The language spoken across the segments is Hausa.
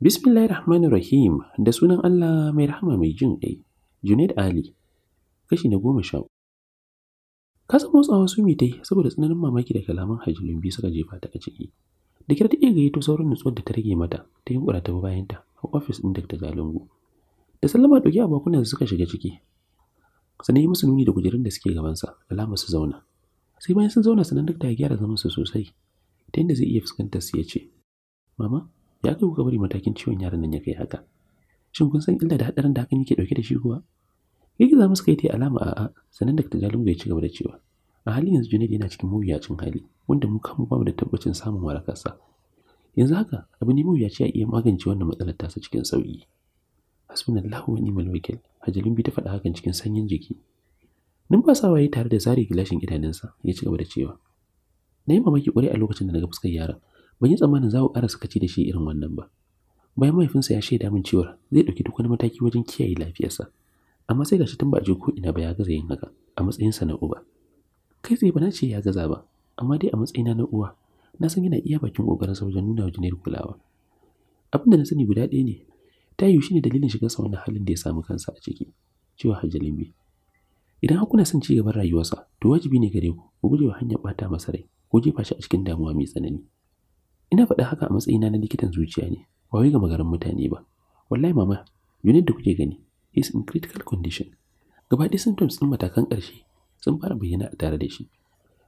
Bismillahir Rahmanir Rahim da sunan Allah mai rahama mai jin ƙai, Junaid Ali, kashi na goma sha san motsawa su mitai saboda tsananin mamaki da kalaman Hajji biyu suka jefa ta a ciki. Da kira ta iya gayyato sauran nutsuwar da ta rage mata ta yunkura ta bayanta a ofis ɗin Dr. Jalungu. Da sallama ɗauki a bakunan suka shiga ciki, sannan yi musu nuni da kujerun da suke gabansa alamar su zauna sai bayan sun zauna sanan dakta ya gyara zaman su sosai ta yadda zai iya fuskantar su ya ce mama ya kai kuka bari matakin ciwon yaran nan ya kai haka shin kun san illa da hadarin da hakan yake dauke da shi kuwa girgiza musu kai ta alama a a'a sannan dakta jalungu ya ci gaba da cewa a halin yanzu Junaid yana cikin mawuyacin hali wanda mu kanmu mu da tabbacin samun warakarsa yanzu haka abu ne mawuyaci a iya magance wannan matsalar tasa cikin sauki hasbunallahu wa ni'mal wakil Hajalin bi ta faɗa hakan cikin sanyin jiki. Numfasawa ya tare da zare gilashin idanunsa ya ci gaba da cewa. Na yi mamaki ƙwarai a lokacin da na ga fuskar yaron. Ban yi tsammanin za ku ƙara sakaci da shi irin wannan ba. Bayan mahaifinsa ya shaida min cewa zai ɗauki duk wani mataki wajen kiyaye lafiyarsa. Amma sai gashi tun ba a je ko ina ba ya gaza yin haka a matsayinsa na uba. Kai tsaye ba na ce ya gaza ba, amma dai a matsayina na uwa na san yana iya bakin ƙoƙarinsa wajen nuna wa Junairu kulawa. Abin da na sani guda ɗaya ne ta yiwu shine dalilin sa wannan halin da ya samu kansa a ciki cewa hajjalin bi idan har kuna son ci gaban rayuwarsa to wajibi ne gare ku ku gujewa hanyar bata masa rai ko jefa shi a cikin damuwa mai tsanani ina faɗa haka a matsayina na likitan zuciya ne ba wai ga magarin mutane ba wallahi mama yunin da kuke gani is in critical condition gaba ɗaya symptoms ɗin matakan ƙarshe sun fara bayyana a tare da shi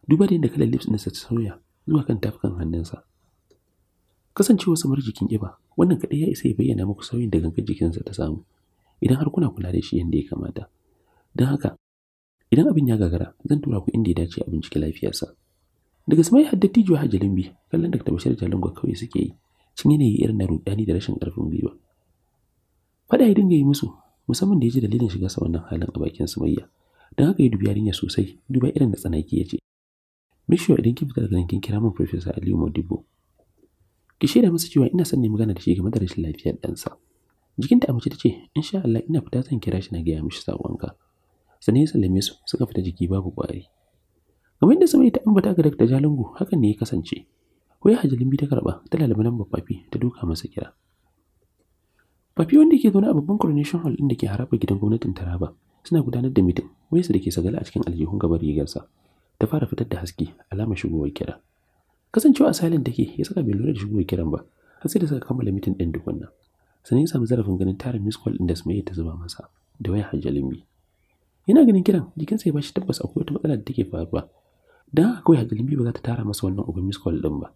duba da yadda kalar lips ɗinsa ta sauya zuwa kan tafukan hannunsa kasancewa samar jikin ƙiba wannan kaɗai ya isa ya bayyana muku sauyin da gangar jikinsa ta samu idan har kuna kula da shi yadda ya kamata don haka idan abin ya gagara zan tura ku inda ya dace a binciki lafiyarsa daga samai har dattijo hajji limbi kallon da bashir jalingo kawai suke yi cin yanayi irin na rudani da rashin karfin gwiwa faɗa ya dinga yi musu musamman da ya ji dalilin shiga sa wannan halin a bakin sumayya don haka ya dubi yarinya sosai duba irin da tsanaki ya ce Mishiyo idan kin fita daga nan kin kira min Professor Aliyu Modibo ki shaida masa cewa ina son ne magana da shi game da rashin lafiyar ɗansa jikinta amince ta ce insha Allah ina fita zan kira shi na gaya mishi sabonka Sani ya sallame su suka fita jiki babu ƙwari kamar yadda samari ta ambata ga Dr. jalungu hakan ne ya kasance wai hajalin bi ta karba ta lalaba ba fafi ta duka masa kira fafi wanda ke zaune a babban coronation hall ɗin da ke haraba gidan gwamnatin Taraba suna gudanar da meeting wayarsa da ke sagala a cikin aljihun gabar rigarsa ta fara fitar da haske alamar shigowar kira kasancewa a silent take ya saka bai lura da shigo kiran ba har sai da suka kammala mitin ɗin tukunna sannan ya samu zarafin ganin tarin miss call ɗin da sumayya ta zuba masa da wayar hajjalin bi yana ganin kiran jikinsa ya bashi tabbas akwai wata matsala da take faruwa dan haka kawai hajjalin bi ba za ta tara masa wannan uban miss call ɗin ba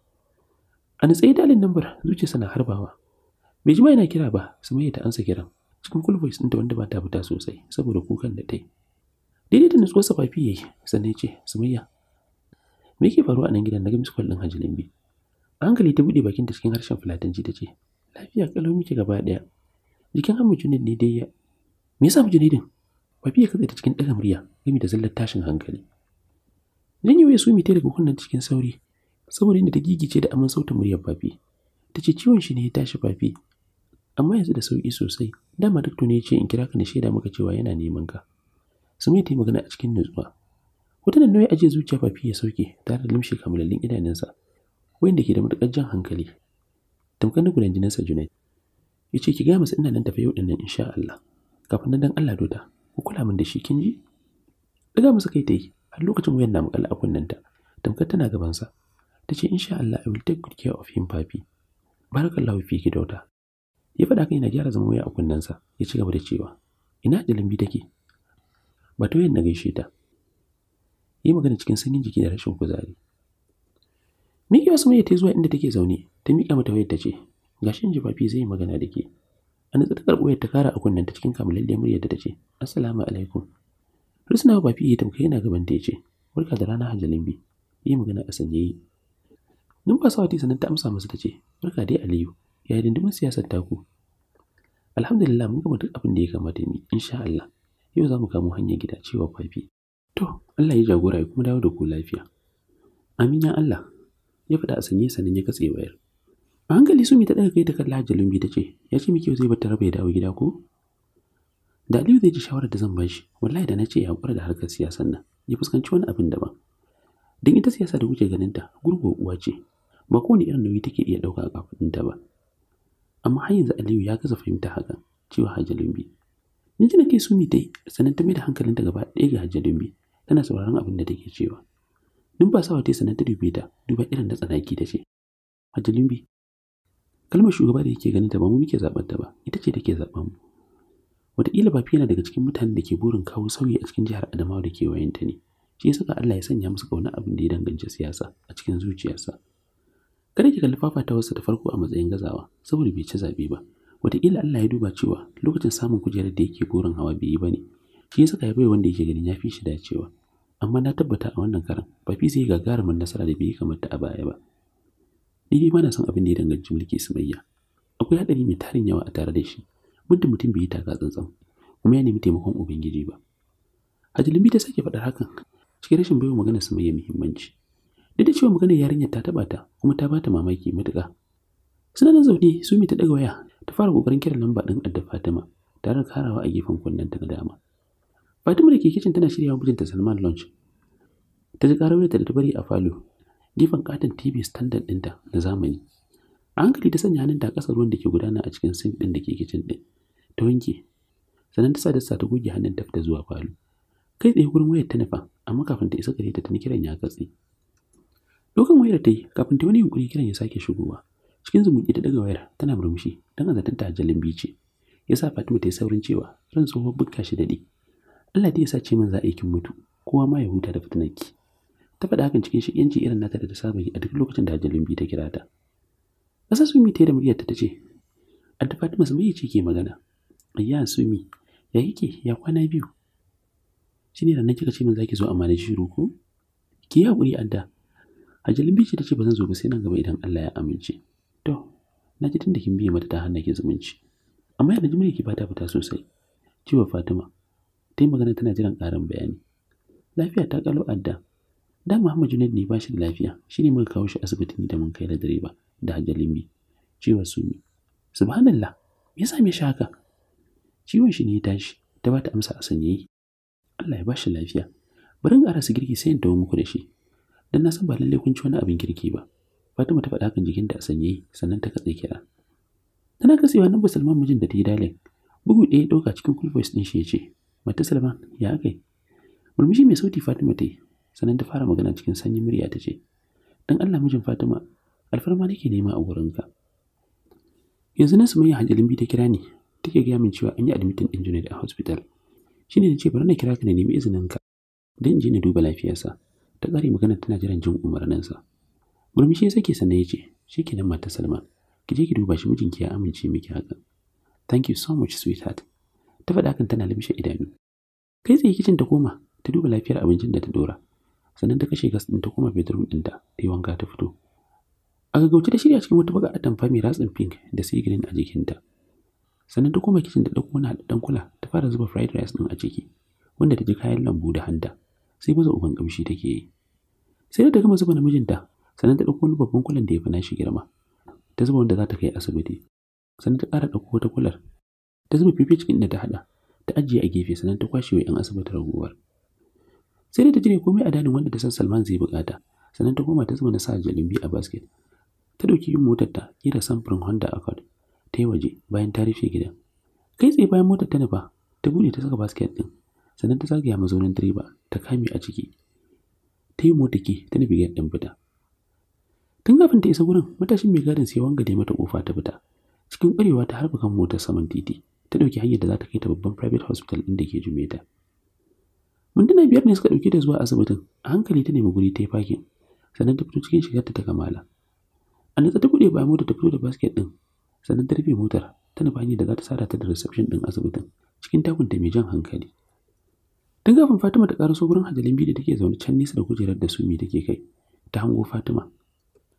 a natsaye dalin lambar zuciyarsa na harbawa bai ji ma yana kira ba sumayya ta ansa kiran cikin cool voice da wanda ba ta fita sosai saboda kukan da ta yi daidai da nutsuwar safafi ya yi sannan ya ce sumayya me yake faruwa a nan gidan na ga call ɗin hajji limbi a hankali ta buɗe ta cikin harshen fulatanci ta ce lafiya kalau miki gaba daya jikin hammu junid ne dai ya me yasa mu junaidin bafi ya kaza ta cikin ɗaga murya gami da zallar tashin hankali janyo ya sumi ta daga kunnen cikin sauri saboda inda ta gigice da aman sautin muryar bafi ta ce ciwon shi ne ya tashi bafi amma yanzu da sauki sosai dama duk tuni ya ce in kira ka na shaida maka cewa yana neman ka sumi ta yi magana a cikin nutsuwa wata nan ya ajiye zuciya fafi ya sauke tare da limshe kamalallin idanunsa wanda ke da matuƙar jan hankali tamkar na gudan jininsa junaid ya ce ki gaya masa ina nan tafi yau ɗin insha Allah kafin nan dan Allah dota ku kula min da shi kin ji daga masa kai ta yi har lokacin wayan na makalla a ta, tamkar tana gaban sa tace insha Allah I will take good care of him papi barakallahu fiki dota ya fada kan yana gyara zaman waya a kunnensa ya ci gaba da cewa ina dalin bi take ba ta na gaishe ta yi magana cikin sanyin jiki da rashin kuzari Miki wasu mai ta zuwa inda take zaune ta miƙa mata wayar ta ce gashi in ji zai yi magana da ke a nutsu ta karɓo ta kara a kunnen ta cikin kamalalliyar muryar da ta ce assalamu alaikum Rusna bafi fiye tamkai yana gaban ta ce. barka da rana Hajalin bi yi magana a sanye numfasa wata sanan ta amsa masa ta ce. barka dai Aliyu ya yi dindimin siyasar taku alhamdulillah mun gama duk abin da ya kamata ni, insha Allah yau za mu kamo hanyar gida cewa kwafi To, Allah ya jagora ya kuma dawo da ku lafiya. Amina Allah, ya faɗa a sanye sannan ya katse wayar. A hankali Sumi ta ɗaga kai ta kalla Hajji Lumbi ta ce, ya ce miki zai bata raba ya dawo gida ko? Da Aliyu zai ji shawarar da zan shi, wallahi da na ce ya haƙura da harkar siyasan nan, ya fuskanci wani abin daban. Don ita siyasa da kuke ta gurguwar uwa ce, ba kowane irin nauyi take iya ɗauka a ta ba. Amma har yanzu Aliyu ya gaza fahimta haka cewa Hajji Lumbi. Yanzu da kai Sumi ta yi, sanin ta mai da hankalinta gaba ɗaya ga Hajji Lumbi, tana sauraron abin da take cewa sawa ta sanar ta dube ta duba irin da tsanaki ta ce majalumbi kalmar shugaba da yake ganin ta ba mu muke zaɓar ta ba ita ce take zaɓar mu wataƙila ba yana daga cikin mutanen da ke burin kawo sauyi a cikin jihar adamawa da ke ta ne shi ya saka Allah ya sanya musu kauna abin da ya danganci siyasa a cikin zuciyarsa kada ki kalli fafatawarsa ta farko a matsayin gazawa saboda bai ci zaɓe ba wataƙila Allah ya duba cewa lokacin samun kujerar da yake burin hawa bai yi ba ne shi ya saka bai wanda yake ganin ya fi shi dacewa amma na tabbata a wannan karan ba fi sai gagarumin nasara da bai kamata a baya ba ni dai ba na son abin da ya danganci mulki sumayya akwai hadari mai tarin yawa a tare da shi muddin mutum bai yi taka tsantsan kuma ya nemi taimakon ubangiji ba hajjalimi ta sake faɗar hakan cikin rashin baiwa magana sumayya muhimmanci duk da cewa magana yarinyar ta taɓa ta kuma ta bata mamaki matuƙa suna nan zaune su ta daga waya ta fara kokarin kiran lamba ɗin adda fatima tare da karawa a gefen kunnen ta na dama Fatima da ke kicin tana shirya wa mijinta Salman lunch. Ta ji karar da ta bari a falo. Gefen katon TV standard ɗinta na zamani. A hankali ta sanya hannunta a ƙasar ruwan da ke gudana a cikin sink ɗin da ke kicin ɗin. Ta wanke. Sannan ta sa dasa ta goge hannun ta fita zuwa falo. Kai tsaye gurin wayar ta nufa, amma kafin ta isa gare ta tuni kiran ya katse. Dokan wayar ta yi kafin ta wani yunkuri kiran ya sake shigowa. Cikin zumunci ta daga wayar tana murmushi don a zaton ta jalin bice. Ya sa Fatima ta yi saurin cewa ran tsohon bukka shi daɗi. Allah da ya sace min za a kin mutu kowa ma ya huta da fitinarki ta faɗa hakan cikin shigenci irin nata da ta saba yi a duk lokacin da Hajjalin bi ta kira ta ƙasa Sumi ta yi da muryarta ta ce Adda Fatima su mai ce ke magana Ayya Sumi ya yake ya kwana biyu shi ne nan kika ce min za ki zo amma da shiru ko ki yi hakuri Adda Hajjalin ce ta ce ba zan zo ba sai nan gaba idan Allah ya amince to na ji tun da kin biye mata ta hanna ki zumunci amma yana ji ki ba ta fita sosai ciwo Fatima ta yi magana tana jiran ƙarin bayani lafiya ta kalo adda da Muhammad Junaid ne ba shi da lafiya shi ne muka kawo shi asibiti da mun kai da direba da limbi. ciwon su ne subhanallah me yasa me shaka ciwon shi ne ya tashi ta ba ta amsa a sanyayi Allah ya bashi lafiya bari in su girki sai in dawo muku da shi dan na san ba lallai kun ci wani abin kirki ba Fatima ta faɗa kan jikinta a sanyayi sannan ta katse kira tana katsewa nan ba Salman mijin da ta yi dalin bugu ɗaya ya ɗauka cikin kulfos ɗin shi ya ce mata salman ya kai murmushi mai sauti fatima ta yi sannan ta fara magana cikin sanyin murya ta ce dan allah mijin fatima alfarma nake nema a ka. yanzu na sumayya hajjalin bi ta kira ni take gaya min cewa an yi admitin din a hospital shine na ce bari na kira ka na nemi izininka don in je na duba lafiyarsa ta kare magana tana jiran jin umarninsa murmushi ya sake sannan ya ce shi kenan mata salman ki je ki duba shi mijinki ya amince miki haka thank you so much sweetheart ta faɗa kan tana limshe idanu kai tsaye kicin ta koma ta duba lafiyar abincin da ta dora sannan ta kashe gas ɗin ta koma bedroom ɗinta ta yi wanka ta fito a gaggauce ta shirya cikin wata baga tamfa mai ratsin pink da sai a jikinta sannan ta koma kicin da ɗauko wani haɗaɗɗen kula ta fara zuba fried rice ɗin a ciki wanda ta ji kayan lambu da hanta sai baza uban ƙamshi take yi sai da ta gama zuba namijinta sannan ta ɗauko wani babban kulan da ya fi nashi girma ta zuba wanda za ta kai asibiti sannan ta ƙara ɗauko wata kular ta zuba fifi cikin da ta haɗa ta ajiye a gefe sannan ta kwashe wa 'yan asibiti raguwar sai da ta jire komai a danin wanda ta san salman zai bukata sannan ta koma ta zama na sa jalimbi a basket ta ɗauki yin motar ta kira samfurin honda accord ta yi waje bayan ta rufe gidan kai tsaye bayan motar ta nufa ta buɗe ta saka basket ɗin sannan ta zagaya mazaunin direba ta kame a ciki ta yi motar ki ta nufi gidan ɗin fita tun kafin ta isa wurin matashin mai gadin sai wanga da mata kofa ta fita cikin ƙwarewa ta harba kan motar saman titi ta ɗauki hanyar da za ta kai ta babban private hospital ɗin da ke jumeta Munduna biyar ne suka ɗauke ta zuwa asibitin a hankali ta nemi guri ta yi fakin sannan ta fito cikin shigarta ta kamala a natsa ta buɗe bayan motar ta fito da basket ɗin sannan ta rufe motar ta nufa hanyar da za ta sada ta da reception ɗin asibitin cikin takunta mai jan hankali tun kafin fatima ta ƙaraso wurin hajalin biyu da take zaune can nesa da kujerar da sumi take kai ta hango fatima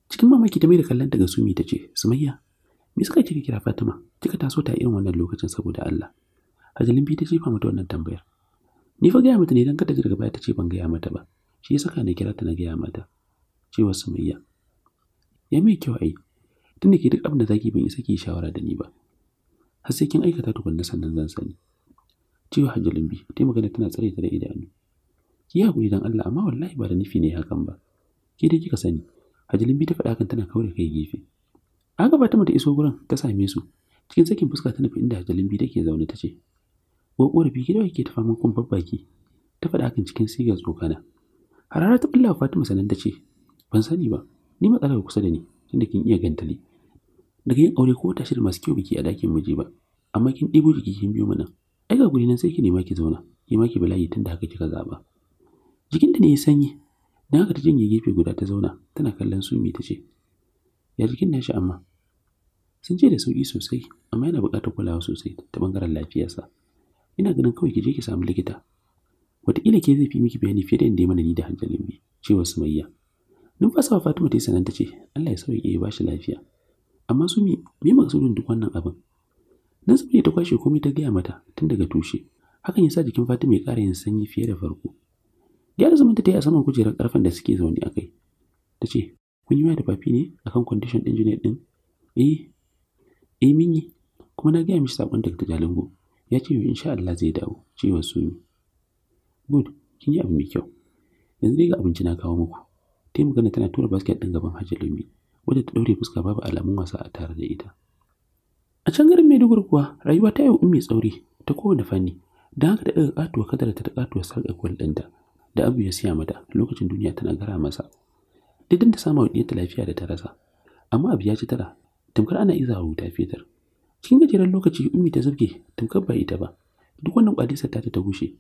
cikin mamaki ta mai da kallon daga sumi ta ce sumayya me suka kike kira Fatima kika taso ta irin wannan lokacin saboda Allah Hajalin bi ta jefa mata wannan tambayar ni fa gaya mata ne dan kada daga gaba ta ce ban gaya mata ba shi yasa kana kira ta na gaya mata cewa Sumayya ya mai kyau ai tunda ke duk abin da zaki ban isa ki shawara da ni ba har sai kin aikata tukunna sannan zan sani cewa Hajalin bi ta magana tana tsare ta da idanu ki hakuri dan Allah amma wallahi ba da nufi ne hakan ba ke dai kika sani Hajalin bi ta faɗa kan tana kaure kai gefe haka Fatima ta iso gurin ta same su cikin sakin fuska ta nufi inda Jalimbi take zaune ta ce ko korafi gida yake ta faman kun babbaki ta faɗa hakan cikin sigar tsokana harara ta bulla Fatima sanan ta ce ban sani ba ni matsala matsalar kusa da ni tunda kin iya ganta gantali daga yin aure ko tashi da masu kyau biki a dakin miji ba amma kin ɗebo jiki kin biyo mana ai ga guri nan sai ki nema ki zauna ki ma ki bala'i tunda haka kika zaba jikinta ne ya sanyi Dan haka ta janye gefe guda ta zauna tana kallon sumi ta ce Ya jikin nashi amma? Sun ce da sauki sosai, amma yana buƙatar kulawa sosai ta ɓangaren lafiyarsa. Ina ganin kawai ki je ki samu likita. Wataƙila ke zai fi miki bayani fiye da yadda ya mana ni da hankalin bi, cewa Sumayya. Numfasawa Fatima ta yi sanan ce, Allah ya sauya ya ba shi lafiya. Amma su mi, me maksudin duk wannan abin? Nan ne ta kwashe komai ta gaya mata tun daga tushe. Hakan ya sa jikin Fatima ya ƙara yin sanyi fiye da farko. Gyara zamanta ta yi a saman kujerar ƙarfen da suke zaune a kai. Ta ce, kun yi waya da ne akan condition ɗin Junaid ɗin eh eh yi kuma na gaya mishi sabon daga Jalingo ya ce insha Allah zai dawo cewa su good kin yi abu mai kyau yanzu dai ga abinci na kawo muku ta yi magana tana tura basket ɗin gaban Hajji Lumi wadda ta ɗaure fuska babu alamun wasa a tare da ita a can garin Maiduguri kuwa rayuwa ta yi mai tsauri ta kowane fanni don haka da ɗaga ƙatuwa kadara ta ta katuwa sarƙa ɗinta da abu ya siya mata lokacin duniya tana gara masa didin ta samu wa ta lafiya da ta rasa amma abu ya ci tara tamkar ana iza wuta fetur cikin gajeren lokaci ummi ta zubge tamkar ba ita ba duk wannan kwadisar ta ta gushe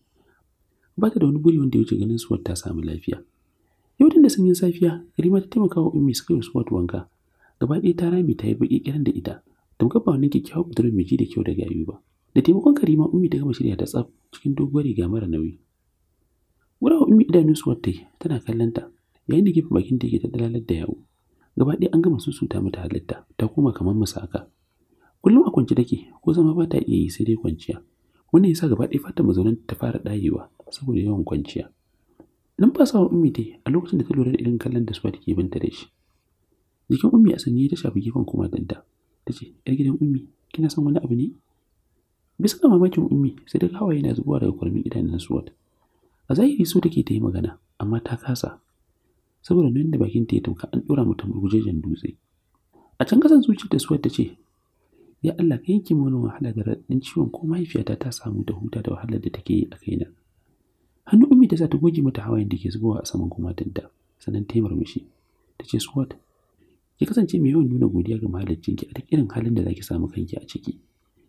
ba ta da wani buri wanda ya wuce ganin suwar ta samu lafiya yau da sanyin safiya rima ta taimaka wa ummi suka yi suwar wanka gaba ɗaya ta rami ta yi baƙi kiran da ita tamkar ba wani kyakkyawar mai ji da kyau da gayu ba da taimakon karima ummi ta gama shirya ta tsaf cikin doguwar riga mara nauyi wurawa ummi idanun suwar ta yi tana kallon yayin da gefen bakin ta yake ta dalalar da yawo gaba ɗaya an gama susuta mata halitta ta koma kamar masaka. kullum a kwance take ko zama ba ta iya yi sai dai kwanciya wannan yasa gaba ɗaya fatan mazaunin ta fara ɗayewa saboda yawan kwanciya numfasawa ummi ta a lokacin da ta lura da irin kallon da suwa take binta da shi jikin ummi a sanye ta shafi gefen kuma danta ta ce yar gidan ummi kina son wani abu ne bisa ga mamakin ummi sai daga hawaye na zubowa daga kwalmin idanun suwa a zahiri so take ta yi magana amma ta kasa saboda nan da bakin ta ya an dora mata gujejen dutse a can kasan zuciyar da suwar ta ce ya Allah ka yanke mana wahala da raɗin ciwon ko mahaifiyata ta samu da huta da wahalar da take yi a kaina hannu ummi ta sa ta goge mata hawayen da ke zubowa a saman kumatinta sannan ta yi murmushi ta ce suwat ki kasance mai yawan nuna godiya ga ki a duk irin halin da zaki samu kanki a ciki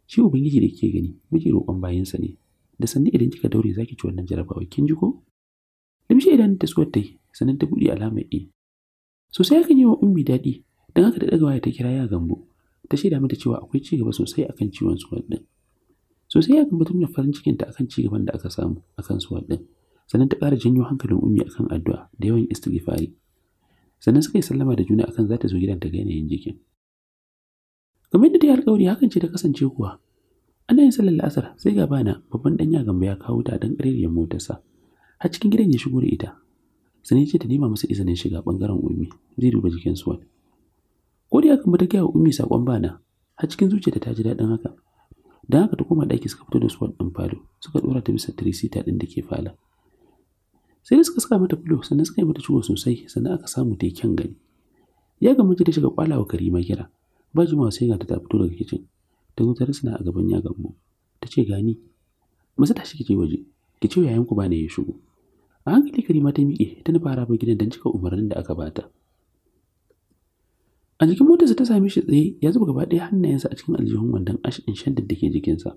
shi ubangiji da kike gani muke roƙon bayansa ne da sanni idan kika daure zaki ci wannan jarabawa kin ji ko limshi idan ta suwar ta yi sannan ta buɗe alamar e sosai akan yi wa ummi daɗi don haka da ɗaga waya ta kira ya gambo ta shaida mata cewa akwai ci gaba sosai akan ciwon suwar ɗin sosai ya gambo ta nuna farin cikin ta akan ci da aka samu akan suwar ɗin sannan ta ƙara janyo hankalin ummi akan addu'a da yawan istighfari sannan suka yi sallama da juna akan za ta zo gidan ta ga yanayin jikin kamar yadda ta yi alƙawari, hakan ce ta kasance kuwa ana yin sallar la'asar sai ga bana babban ɗan ya Gambo ya kawo ta dan ƙarerriyar motarsa har cikin gidan ya shigo da ita sani ce ta nima masa izinin shiga bangaren ummi zai duba jikin suwan ko da aka ta gaya wa ummi sakon bana har cikin zuciyarta ta ji daɗin haka don haka ta koma ɗaki suka fito da suwan ɗin falo suka ɗora ta bisa tirisita ɗin da ke fala sai da suka saka mata fulo sannan suka yi mata ciwo sosai sannan aka samu ta yi kyan gani ya gammace ta shiga kwalawa karima kira ba jimawa sai ga ta fito daga kicin ta zo ta rasina a gaban ya gambo ta ce gani masu tashi kike waje kice ce yayanku ba ne ya shigo a hankali karima ta miƙe ta na harabar gidan don cika umarnin da aka bata a jikin motarsa ta sami shi tsaye ya zuba gaba ɗaya hannayensa a cikin aljihun wandon ash ɗin shandar da ke jikinsa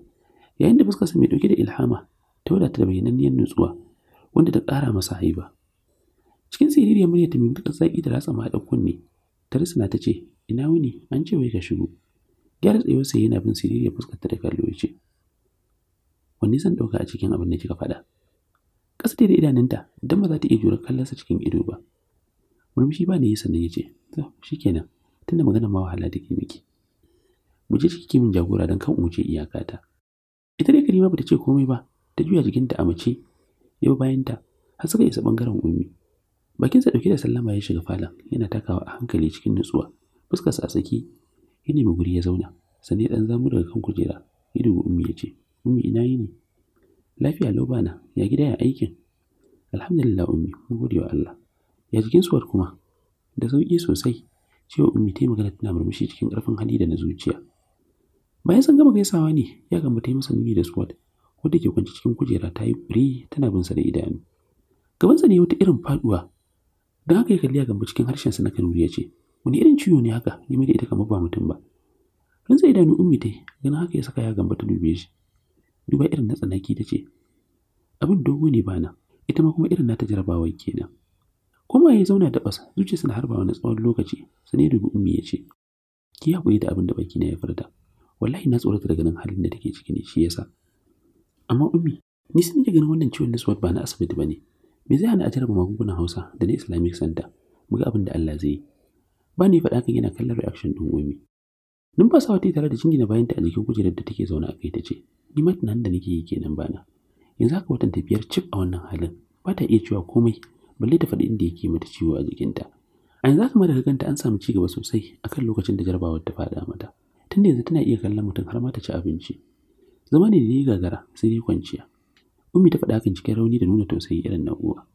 yayin da fuskarsa mai ɗauke da ilhama ta wadata da bayyananniyar nutsuwa wanda ta ƙara masa haiba cikin siririyar murya ta mimika tsaki da ratsa mahaɗa kunne ta na ta ce ina wuni an ce wai ka shigo gyara sai yana bin siriri fuskar ta da kallo ya ce wanne zan ɗauka a cikin abin da kika faɗa ƙasa da idanunta don ba za ta iya jura kallonsa cikin ido ba murmushi ba ne ya sannan ya ce shi kenan Tana magana ma wahala take miki mu je ciki min jagora don kan wuce iyakata ita dai karima bata ce komai ba ta juya jikinta a mace yau bayanta har suka isa bangaren ummi bakinsa dauke da sallama ya shiga falon yana takawa a hankali cikin nutsuwa fuskarsa a saki ya nemi guri ya zauna sannan ya dan zamu daga kan kujera ya dubi ummi ya ce ummi ina yi ne Lafiya Lobana, ya gida ya aikin? Alhamdulillah Ummi, mun gode wa Allah. Ya jikin suwar kuma? Da sauƙi sosai. Cewa Ummi ta yi magana tana murmushi cikin ƙarfin hali da na zuciya. Bayan san gama gaisawa ne, ya gama ta yi masa nuni da suwar. Wadda ke kwanci cikin kujera ta yi tana bin sa da idanu. Gabansa ne wata irin faɗuwa. Don haka ya kalli ya gamba cikin harshensa na kanuri ya ce, Wani irin ciwo ne haka, ya da ita kamar ba mutum ba. Rinsa idanu Ummi ta yi, ganin haka ya saka ya gamba ta dube shi. duba irin na tsanaki ta ce abin dogo ne bana ita ma kuma irin na nata jarabawa kenan kuma ya zauna da basa zuciya suna harba wani tsawon lokaci su ne dubi ummi ya ce ki haƙuri da abin da baki na ya furta wallahi na tsorata daga nan halin da take ciki ne shi yasa amma ummi ni sun yi ganin wannan ciwon nasuwar ba na asibiti ba ne. me zai hana a jarraba magungunan Hausa da na Islamic Center mu ga abin da Allah zai yi ba ni faɗa kan yana kallon reaction ɗin ummi numfasawa ta yi tare da jingina bayanta a jikin kujerar da take zaune a kai ta ce ni ma tunanin da nake yi kenan bana yanzu haka watan tafiyar cif a wannan halin ba ta iya cewa komai balle ta faɗi inda yake mata ciwo a jikinta a yanzu haka daga ganta an samu cigaba sosai a kan lokacin da jarabawar ta faɗa mata tunda yanzu tana iya kallon mutum har ma ta ci abinci zama ne da ya gagara sai dai kwanciya Ummi ta faɗa hakan cikin rauni da nuna tausayi irin na uwa.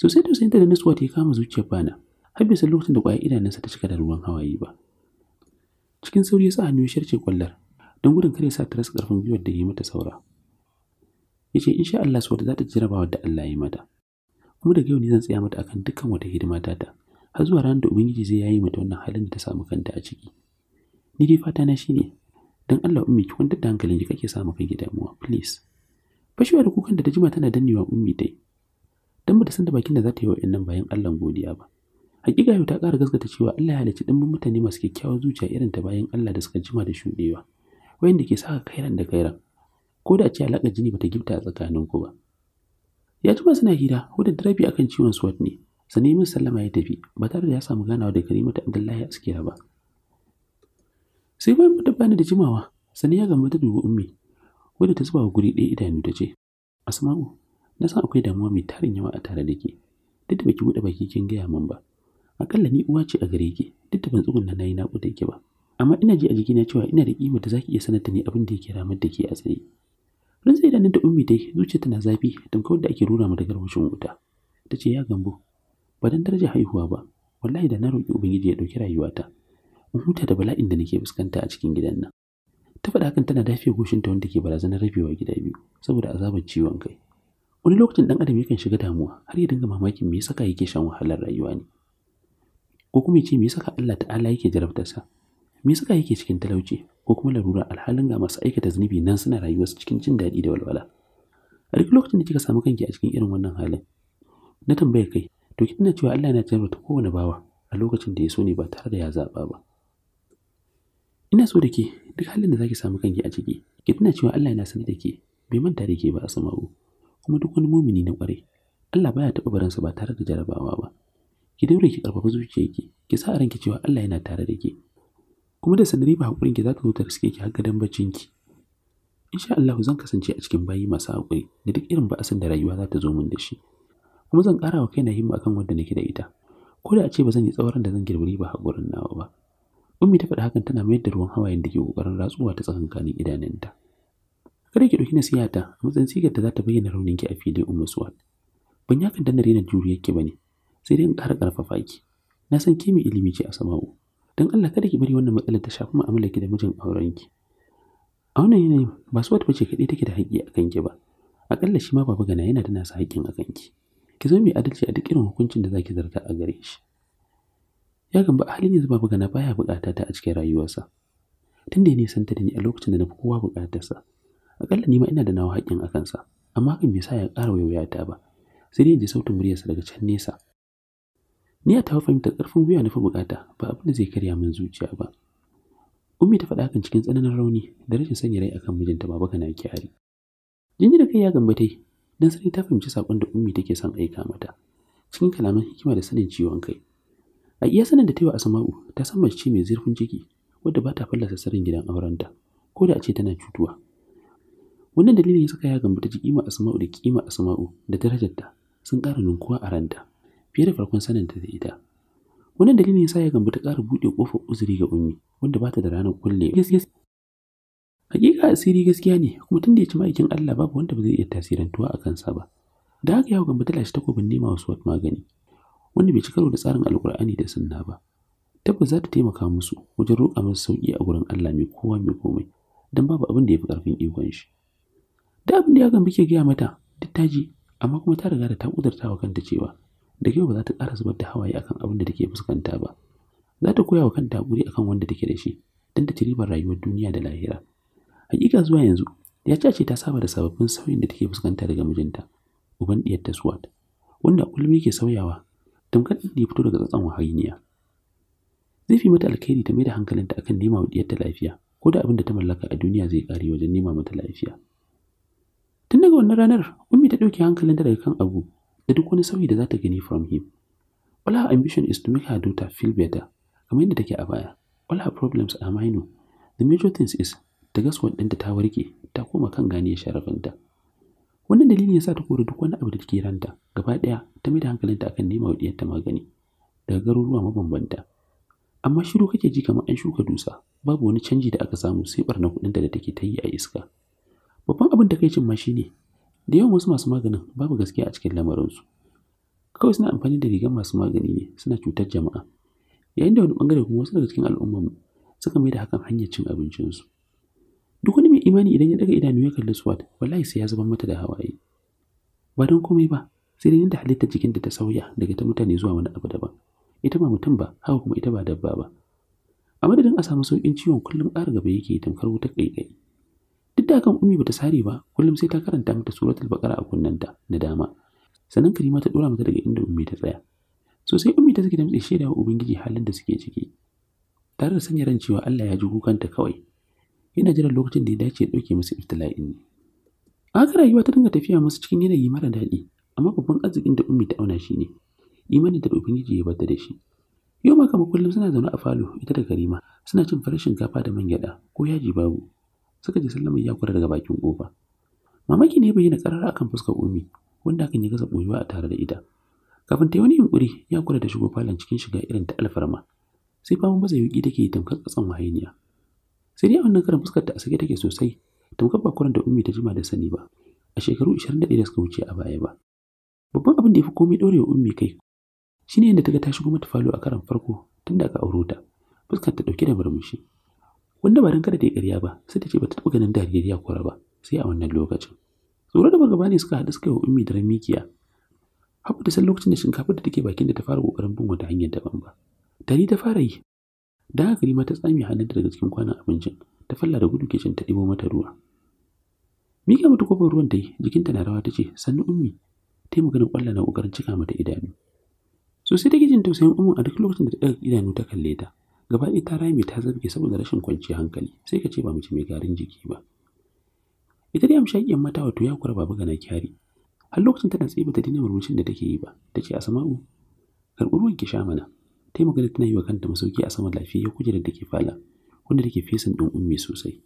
Sosai ta da nutsuwa ta kama zuciyar bana, har bai san lokacin da ƙwayar idanunsa ta cika da ruwan hawaye ba. Cikin sauri ya sa hannu ya sharce kwallar, don gudun kare sa ta rasa ƙarfin gwiwar da yi mata saura ya ce insha Allah sau da za ta jiraba da Allah ya yi mata kuma daga yau ne zan tsaya mata akan dukkan wata hidima ta ta har zuwa ranar da ubangiji zai yayi mata wannan halin da ta samu kanta a ciki ni dai fata na ne Don Allah ummi ki kwantar da hankalin ki kake samu kanki damuwa please fashewa da kukan da ta jima tana dannewa ummi dai ba ta san da bakin da za ta yi wa nan bayan Allah godiya ba hakika yau ta ƙara gaskata cewa Allah ya halicci ɗumbin mutane masu kyakkyawar zuciya irin ta bayan Allah da suka jima da shuɗewa. wayanda ke saka kairan da kairan ko da ce alaƙar jini bata gifta a tsakaninku ba ya jima suna hira da rabi akan ciwon swat ne sannan min sallama ya tafi ba tare da ya samu ganawa da ta abdullahi askira ba sai bayan mutum bani da jimawa sani ya gamba ta dubu ummi wadda ta zuba wa guri ɗaya idanu ta ce asma'u na san akwai damuwa mai tarin yawa a tare da ke duk da baki buɗe baki kin gaya min ba akalla ni uwa ce a gare ki duk da ban tsugunna na yi ki ba amma ina ji a jikina cewa ina da kimar da za iya sanar da ni abin da yake ramar da ke a tsaye sai idanun da ummi dai zuciya tana zafi tamkar da ake rura mu daga rushin wuta ta ce ya gambo ba dan daraja haihuwa ba wallahi da na roƙi ubangiji ya ɗauki rayuwata in huta da bala'in da nake fuskanta a cikin gidan nan ta faɗa hakan tana dafiya goshinta wanda ke barazanar rabewa gida biyu saboda azabar ciwon kai wani lokacin dan adam yakan shiga damuwa har ya dinga mamakin me yasa yake shan wahalar rayuwa ne ko kuma ya ce me yasa Allah ta'ala yake jarabtarsa me suka yake cikin talauci ko kuma larura alhalin ga masu aikata zunubi nan suna rayuwa su cikin jin daɗi da walwala a duk lokacin da kika samu kanki a cikin irin wannan halin na tambaye kai to tana cewa Allah yana ta kowane bawa a lokacin da ya so ne ba tare da ya zaɓa ba ina so da ke duk halin da zaki samu kanki a ciki ki tana cewa Allah yana sani da ke bai manta da ke ba a sama'u kuma duk wani mumini na kwarai Allah baya taɓa sa ba tare da jarabawa ba ki daure ki karfafa zuciyarki ki sa a ranki cewa Allah yana tare da ke kuma da sanari ba haƙurin ki za ta zo ta riske ki har gadon baccin ki insha Allah zan kasance a cikin bayi masu hakuri da duk irin ba'asin da rayuwa za ta zo min da shi kuma zan ƙara wa kaina himma akan wanda nake da ita ko da a ce ba zan yi tsauran da zan girbi ba haƙurin nawa ba ummi ta faɗa hakan tana mayar da ruwan hawayen da ke kokarin ratsuwa ta tsakankanin idanunta kada ki ɗauki nasihata a matsayin sigar da za ta bayyana raunin ki a filin ummi suwal ban ya danna rena juriyar ki ne. sai dai in ƙara ƙarfafa ki na san ke mai ilimi ce a sama'u don Allah kada ki bari wannan matsalar ta shafi ma'amala ki da mijin aurenki a wannan yanayin ba su wata bace kaɗai take da haƙƙi a kanki ba aƙalla shi ma baba gana yana da nasa haƙƙin a kanki ki zo mai adalci a duk irin hukuncin da za ki zarta a gare shi ya gamba a halin yanzu baba gana baya buƙata ta a cikin rayuwarsa tun da ya nisanta da ni a lokacin da na fi kowa buƙatarsa aƙalla ni ma ina da nawa haƙƙin a kansa amma hakan bai sa ya ƙara wayoyata ba sai dai ji sautin muryarsa daga can nesa Ni a tawa fahimtar ƙarfin gwiwa na fi bukata ba abin da zai karya min zuciya ba. Ummi ta faɗa hakan cikin tsananin rauni da rashin sanya rai akan mijinta baba kana kyari. Jinji da kai ya gambata dan Sani ta fahimci sakon da Ummi take son aika mata. Cikin kalaman hikima da sanin ciwon kai. A iya sanin da ta Asma'u ta san mace mai zurfin ciki wadda ba ta fallasa sirrin gidan aurenta ko da a ce tana cutuwa. Wannan dalilin ya saka ya gambata ji kima Asma'u da kima Asma'u da darajarta sun ƙara ninkuwa a ranta. fiye da farkon saninta da ita. Wannan dalilin yasa ya gambi ta ƙara buɗe ƙofar uzuri ga Ummi wanda ba ta da ranar kulle. Hakika asiri gaskiya ne kuma tun da ya ci ma'aikin Allah babu wanda ba zai iya tasirantuwa a kansa ba. Da haka yawo gambi ta lashe takobin nema wa Suwat magani wanda bai ci karo da tsarin Alƙur'ani da sunna ba. Tabbas za ta taimaka musu wajen roƙa masu sauƙi a gurin Allah mai kowa mai komai don babu abin da ya fi ƙarfin ikon shi. Da abin da ya gambi ke gaya mata duk ta ji amma kuma ta riga da ta ƙudurta wa kanta cewa da kyau ba za ta ƙara zubar da hawaye akan abin da take fuskanta ba za ta koya wa kanta hakuri akan wanda take da shi don ta ci ribar rayuwar duniya da lahira hakika zuwa yanzu ya ce ta saba da sababbin sauyin da take fuskanta daga mijinta uban diyar ta suwat wanda kullum yake sauyawa tamkar ɗin da ya fito daga tsatsan wahayiniya. zai fi mata alkhairi ta mai da hankalinta akan nema wa diyar ta lafiya ko da abin da ta mallaka a duniya zai ƙare wajen nema mata lafiya tun daga wannan ranar ummi ta ɗauke hankalinta daga kan abu da duk wani sauyi da za ta gani from him. All her ambition is to make her daughter feel better, kamar yadda take a baya. All her problems are minor. The major things is, ta gaswar ɗinta ta warke, ta koma kan gane sharafinta. Wannan dalilin ya sa ta kore duk wani abu da take ranta, gaba ɗaya ta mai da hankalinta akan nema wa magani, daga garuruwa mabambanta. Amma shiru kake ji kamar an shuka dusa, babu wani canji da aka samu sai ɓarna kuɗin da take ta yi a iska. Babban abin da kai cin ma shi ne, da yawan wasu masu maganin babu gaskiya a cikin lamarinsu kawai suna amfani da rigar masu magani ne suna cutar jama'a yayin da wani bangare kuma wasu daga cikin al'ummarmu suka mai da hakan hanyar cin abincinsu duk wani mai imani idan ya daga idanu ya kalli swat wallahi sai ya zubar mata da hawaye ba don komai ba sai dai yadda halittar jikin da ta sauya daga ta mutane zuwa wani abu daban ita ba mutum ba haka kuma ita ba dabba ba a madadin a samu sauƙin ciwon kullum ƙara gaba yake tamkar wuta ƙaiƙayi da kan ummi bata sare ba kullum sai ta karanta mata suratul baqara a kunnanta na dama sannan karima ta dora mata daga inda ummi ta tsaya sosai ummi ta saki da mutsi shedawa ubangiji halin da suke ciki tare da sanya ran cewa Allah ya ji kukanta kawai yana jiran lokacin da ya dace ya dauke musu iftila'in ne haka rayuwa ta dinga tafiya musu cikin yanayi mara daɗi amma babban arzikin da ummi ta auna shi ne imanin da ubangiji ya bata da shi yau ma kama kullum suna zaune a falo ita da karima suna cin farin shinkafa da man gyaɗa ko yaji babu suka ji sallama ya kura daga bakin kofa mamaki ne bayyana karara akan fuskar ummi wanda hakan ya gaza boyuwa a tare da ita kafin ta yi wani yunkuri ya kura da shigo falon cikin shiga irin ta alfarma sai fama baza yuki take tamkar katsan wahainiya sai dai a wannan karan fuskar ta a sake take sosai tamkar bakuran da ummi ta jima da sani ba a shekaru 21 da suka wuce a baya ba babban abin da ya fi komai ɗorewa ummi kai Shi ne yadda ta ga ta shigo mata falo a karan farko tun da aka auro ta fuskar ta dauke da murmushi wanda ba dan kada ta yi ƙarya ba sai ta ce ba ta taɓa ganin dariyar ya kura ba sai a wannan lokacin tsoro da fargaba ne suka haɗu suka yi wa ummi da ramikiya haɓu ta san lokacin da shinkafar da take bakin da ta fara ƙoƙarin bin wata hanyar daban ba tari ta fara yi da haka ma ta tsami hannunta daga cikin kwanon abincin ta falla da gudu kicin ta ɗibo mata ruwa mika mata kofar ruwan ta yi jikinta na rawa ta ce sannu ummi ta yi maganin ƙwallon na ƙoƙarin cika mata idanu sosai take jin tausayin ummin a duk lokacin da ta ɗaga idanu ta kalle ta gaba ɗaya ta rame ta zarge saboda rashin kwanciyar hankali sai ka ce ba mace mai garin jiki ba ita dai amshaƙiyar mata wato ya kura babu gana kyari har lokacin ta tana tsaye bata daina murmushin da take yi ba ta ce asama'u karɓi ruwan ki sha mana ta yi magana tana yi wa kanta masauki a saman lafiya kujerar da ke fala wanda take fesin ɗin ummi sosai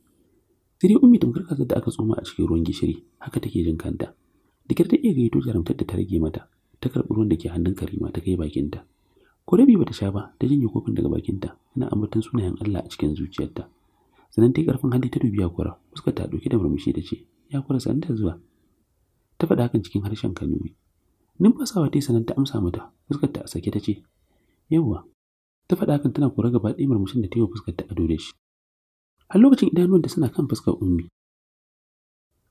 sai dai ummi tamkar kasar da aka tsoma a cikin ruwan gishiri haka take jin kanta da kyar ta iya gaito jaramtar da ta rage mata ta karɓi ruwan da ke hannun karima ta kai bakinta ko rabi bata sha ba ta janye kofin daga bakinta tana ambaton sunayen Allah a cikin zuciyarta sannan ta yi ƙarfin hali ta dubi yakura fuska ta ɗauki da murmushi ta ce yakura san ta zuwa ta faɗa hakan cikin harshen kanuri numfasawa ta yi sanan ta amsa mata fuskar ta a sake ta ce yawwa ta faɗa hakan tana kora gaba ɗaya murmushin da ta yi wa fuskar ta da shi har lokacin idanuwanta suna kan fuskar ummi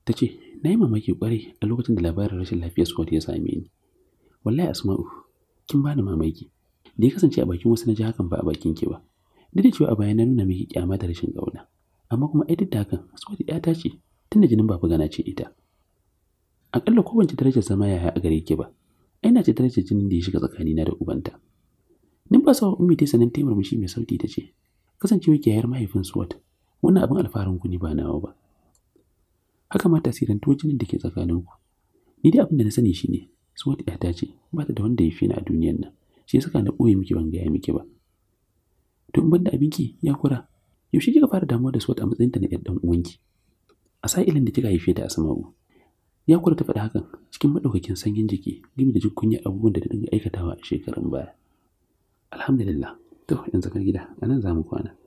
ta ce na yi mamaki kwarai a lokacin da labarin rashin lafiyar Scott ya same ni wallahi asma'u kin bani mamaki da ya kasance a bakin wasu na ji hakan ba a bakin ki ba duk da cewa a bayan na nuna miki kyama da rashin ƙauna amma kuma ai duk da hakan Aswati ya ce tunda jinin babu gana ce ita akalla ko ci darajar zama yaya a gare ki ba ai na ce darajar jinin da ya shiga tsakanina da ubanta ba numfasawa ummi ta sanin taimar mishi mai sauti ta ce kasancewa ki yayar mahaifin Swat wannan abin alfaharin ku ne ba nawa ba haka ma tasirin tuwo jinin da ke tsakaninku ni dai abin da na sani shine Scott ya ce ba ta da wanda ya fi na a duniyar nan shi suka na ɓoye miki ban gaya miki ba to in banda abinki ya kura yaushe kika fara damuwa da su a matsayinta na dan uwanki a sa'ilin da kika haife ta a sama'u ya kura ta faɗi hakan cikin maɗaukakin sanyin jiki gami da jin kunya abubuwan da ta dinga aikatawa a shekarun baya alhamdulillah to yanzu kan gida a nan za mu kwana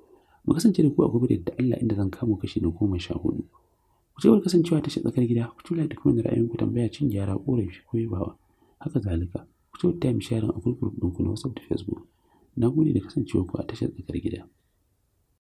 mu kasance da ku a gobe da Allah inda zan kamo kashi na goma sha hudu ku ce kasancewa ta shi tsakar gida ku tula da kuma ra'ayin ku tambaya cin gyara ƙorafi ko yabawa haka zalika ku time sharing a group ɗin ku na WhatsApp da Facebook. Na gode da kasancewa ku a tashar tsakar gida.